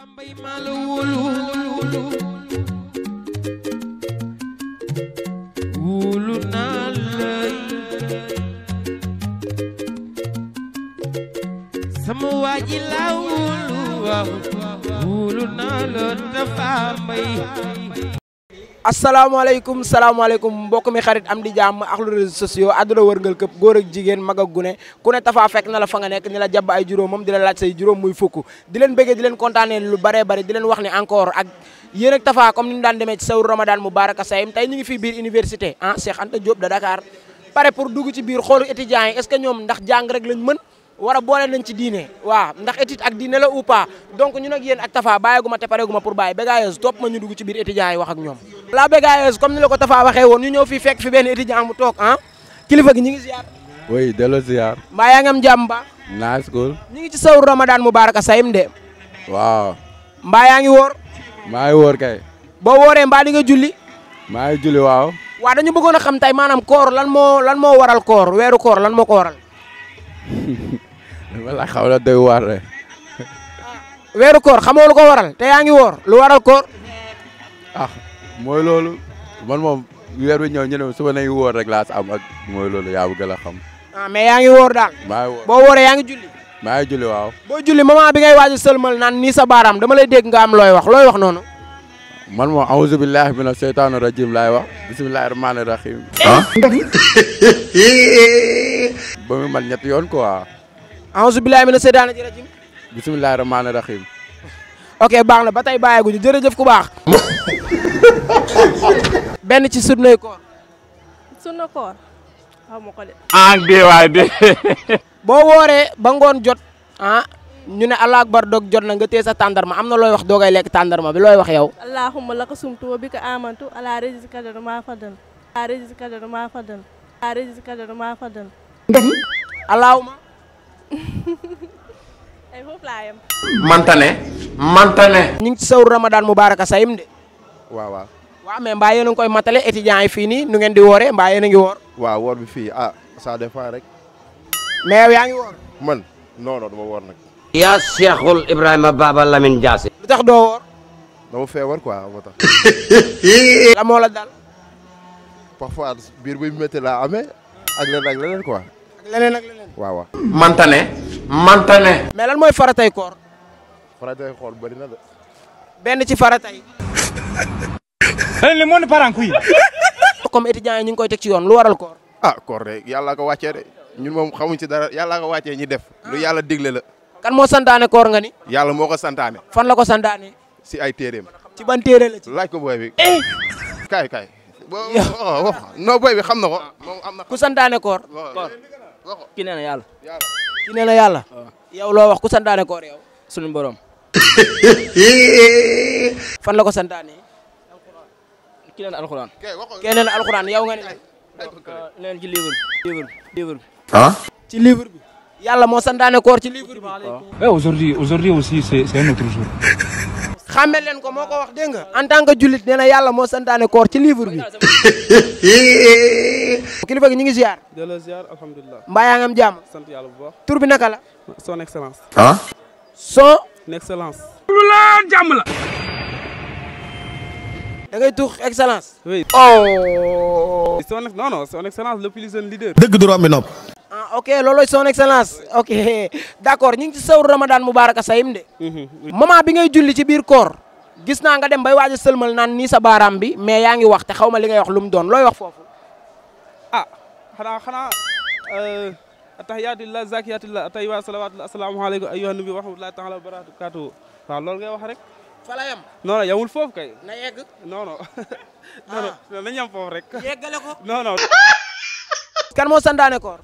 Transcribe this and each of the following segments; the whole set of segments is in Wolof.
Sambay maa la wóolu wóolu naa la sama waa ji la wóolu waaw wóolu naa la Tafa Mbay asalaamaaleykum salaamaaleykum mbokk mi xarit am di jàmm ak lu réseaux sociaux àdduna wërngal këpp góor ak jigéen mag ak gune ku ne tafaa fekk na la fa nga nekk ni la jàbb ay juróomam di la laaj say juróom muy fukk di leen bëggee di leen kontaanee lu baree bari di leen wax ni encore ak yéen ak tafaa comme ni daan demee ci sawru ramadan mubaraka sayim tey ñu ngi fii biir université ah Cheikh Anta Diop de Dakar pare pour dugg ci biir xoolu étudiants yi est ce que ñoom ndax mën war a boole nañ ci diine waa ndax étude ak diine la ou pas donc ñun ak yéen ak Tafa bàyyeeguma te pareeguma pour bàyyi Bégayeuse topp ma ñu dugg ci biir étudiants yi wax ak ñoom. la Bégayeuse comme ni la ko Tafa waxee woon ñu ñëw fii fekk fi benn étudiant mu toog ah kilifa gi ñu ngi ziar. oui delloo ziar. mbaa yaa ngi am jàmm ba. nice school. ñu ngi ci sawru Ramadan Mubarak sayim de. waaw. mbaa yaa ngi woor. maa ngi woor kay. boo wooree mbaa di nga julli. maa ngi julli waaw. waaw dañu bëggoon a xam tey maanaam koor lan moo lan moo waral koor weeru koor lan moo ko waral wala xaw na doy waar rek. weeru koor xamoo lu ko waral te yaa ngi woor lu waral koor. ah mooy loolu man moom weer wi ñëw ñu ne suba nañu woor rek laa am ak mooy loolu yaa bëgg la xam. ah yaa ngi woor daal. boo wooree yaa ngi julli. maa ngi julli waaw. boo julli moment bi ngay waaj a sëlmal naan nii sa baaraam dama lay dégg nga am looy wax looy wax noonu. man moom auzu billahi mina seytaani rajim laay wax bismillahi rahmaani rahim. ah. ba mu man ñetti yoon quoi. aouzu billahi mina seytaani rajim bismillahi rahmaani rahim ok baax na ba tey bàyyeeguñu jërëjëf ku baax benn ci sunnay koor sunna koor ko de ah, ba ngoon jot ah ne allah akbar dog jot na nga tee sa tàndarma am na looy wax doogay lekk tàndarma bi looy wax yow allahumma laka sumtu wa bika amantu ala rizqika allahumma ay foofu laa yem. mantane. mantane. ñu ngi ci sawru Ramadan Mubaaraka sayim de. waaw waaw. waaw mais mbaa yéen a ngi koy matale étudiants yi fii nii nu ngeen di wooree mbaa yéen ngi woor. waaw woor bi fii ah ça dépend rek. mais yow yaa ngi woor. man non non dama woor nag. yaa Cheikhul Ibrahima Baba Lamine Diassé. lu tax doo woor. dama feebar quoi moo tax. la moo la dal. parfois biir buy métti laa amee ak leneen ak leneen leneen ak leneen. waaw waaw. mantane. mantane. mais lan mooy faratay koor. faratay koor bëri na de. benn ci faratay. ren li moo ne kom yi. comme étudiants ñu ngi koy teg ci yoon lu waral koor. ah koor de yàlla ko wàccee de ñun moom xamuñ ci dara yàlla ko wàccee ñi def. lu yàlla digle la. kan moo santaane koor nga ni. yàlla moo ko santaane. fan la ko santaane. si ay téeréem. ci ban téere la ci. laaj ko booy bi. Eh! kaay oh, oh, oh. noo booy bi na ko. ku santaane koor ki nee na yàlla. ki nee na yàlla. Ah. yow loo wax ku santaane koor yow. suñu borom. fan la ko santaane. ke nee na alxuraan. kee nee na alxuraan ah, ci livre livre ah? ci livre bi. yàlla moo santaane koor ci livre bi. waaw eh, aujourd'hui ko moo ko wax dégg nga en tant que yàlla moo santaane koor ci livre bi. kilifa gi ñu ngi ziar. de la ziar alhamdulilah. sant yàlla bu baax. tur bi naka la. son excellence. ah. son. excellence. lu la jàmm la. da ngay tuux excellence. oui. oh. son leader. dëgg du romb nopp. ah ok loolooy son excellence. ok d' accord ñu ngi ci sawru Ramadan Mubaraka Sayim de. Mhm, moment bi ngay julli ci biir koor. gis naa de dem bay waaj a sëlmal naan nii sa baaraam bi mais yaa ngi wax te xaw ma li ngay wax lu mu doon looy wax foofu. xanaa xanaa euh, atahiyatillah zakiyatillah atayyiba salawatullah assalamu alaykum ayyuhan nabi wa rahmatullahi ta'ala wa barakatuh waaw loolu ngay wax rek fala yam non non yamul foofu kay na yegg non non non ah. non nañ yam foofu rek yeggale ko non non kan moo santaane koor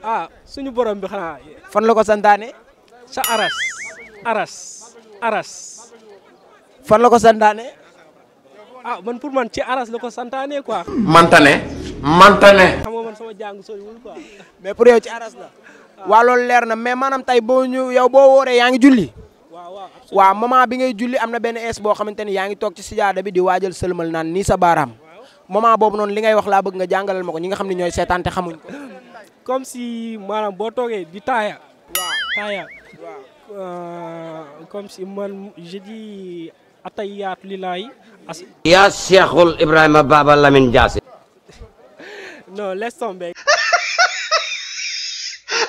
ah suñu borom bi xanaa fan la ko santaane sa aras aras aras fan la ko santaane ah man pour man ci aras la ko santaane quoi. mantane. mantane. xam nga man sama jàng soriwul mais pour yow ci aras la. waaw loolu leer na mais maanaam tey boo ñu yow boo wooree yaa ngi julli. waaw moment bi ngay julli am na benn es boo xamante ni yaa ngi toog ci si sijaada bi di waajal sëlmal naan nii sa baaraam moment boobu noonu li ngay wax laa bëgg nga jàngalal ma ko ñi nga xam ne ñooy seetaan te xamuñ ko. comme si maanaam boo toogee di taaya. waaw taaya. Euh, comme si man je atayaatu lillaahi as. yaa Cheikhul Ibrahima Baba Lamine Diassé. non laisse tomber.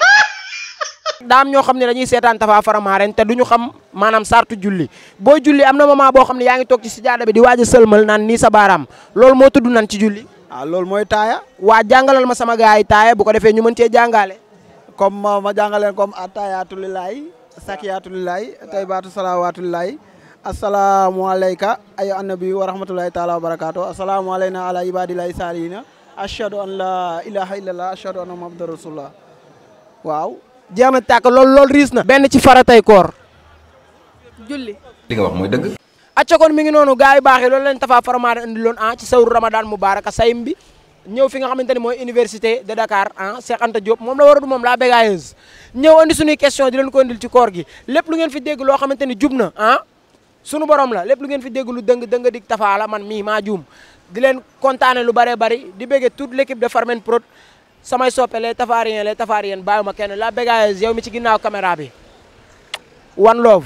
daam ñoo xam ne dañuy seetaan Tapha Faramareen te du ñu xam maanaam sartu julli booy julli am na moment boo xam ne yaa ngi toog ci sijaada bi di waaj a sëlmal naan ni sa baaraam loolu moo tudd nan ci julli. ah loolu mooy taaya. waa jàngalal ma sama gars yi taaya bu ko defee ñu mën cee jàngale. comme ma jàngaleen comme ataayaatu lillaahi. sakiyaatu lillaahi taybaatu salawaatu lillaahi assalamu alayka ayo annabi wa rahmatullahi taala wa barakatuh assalamu alayna ala ibadillahi salihina ashhadu an la ilaha illallah ashhadu anna muhammadar rasulullah waaw jeex na tàkk lool lool riis na benn ci faratay koor julli li wax mooy dëgg acca kon mi ngi noonu gars yi baax yi loolu leen Tapha Farmada indi loon ah ci sawru ramadan mubaraka sayim bi ñëw fi nga xamante ne mooy université de Dakar ah Cheikh Anta moom la war du moom la bégayeuse ñëw andi suñuy question di ci koor gi lépp lu ngeen fi dégg loo xamante ni jub na ah sunu borom la lépp lu ngeen fi dégg lu dëng dëng dig Tapha la man mii maa di leen kontaane lu bëree bari di béggee toute l' équipe de Farmen Prod samay soppe les Tafarien les Tafarien bàyyi ma kenn la bégaayeuse yow mi ci ginnaaw caméra bi one love